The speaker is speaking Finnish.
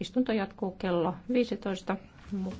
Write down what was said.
Istunto jatkuu kello 15 mukaan.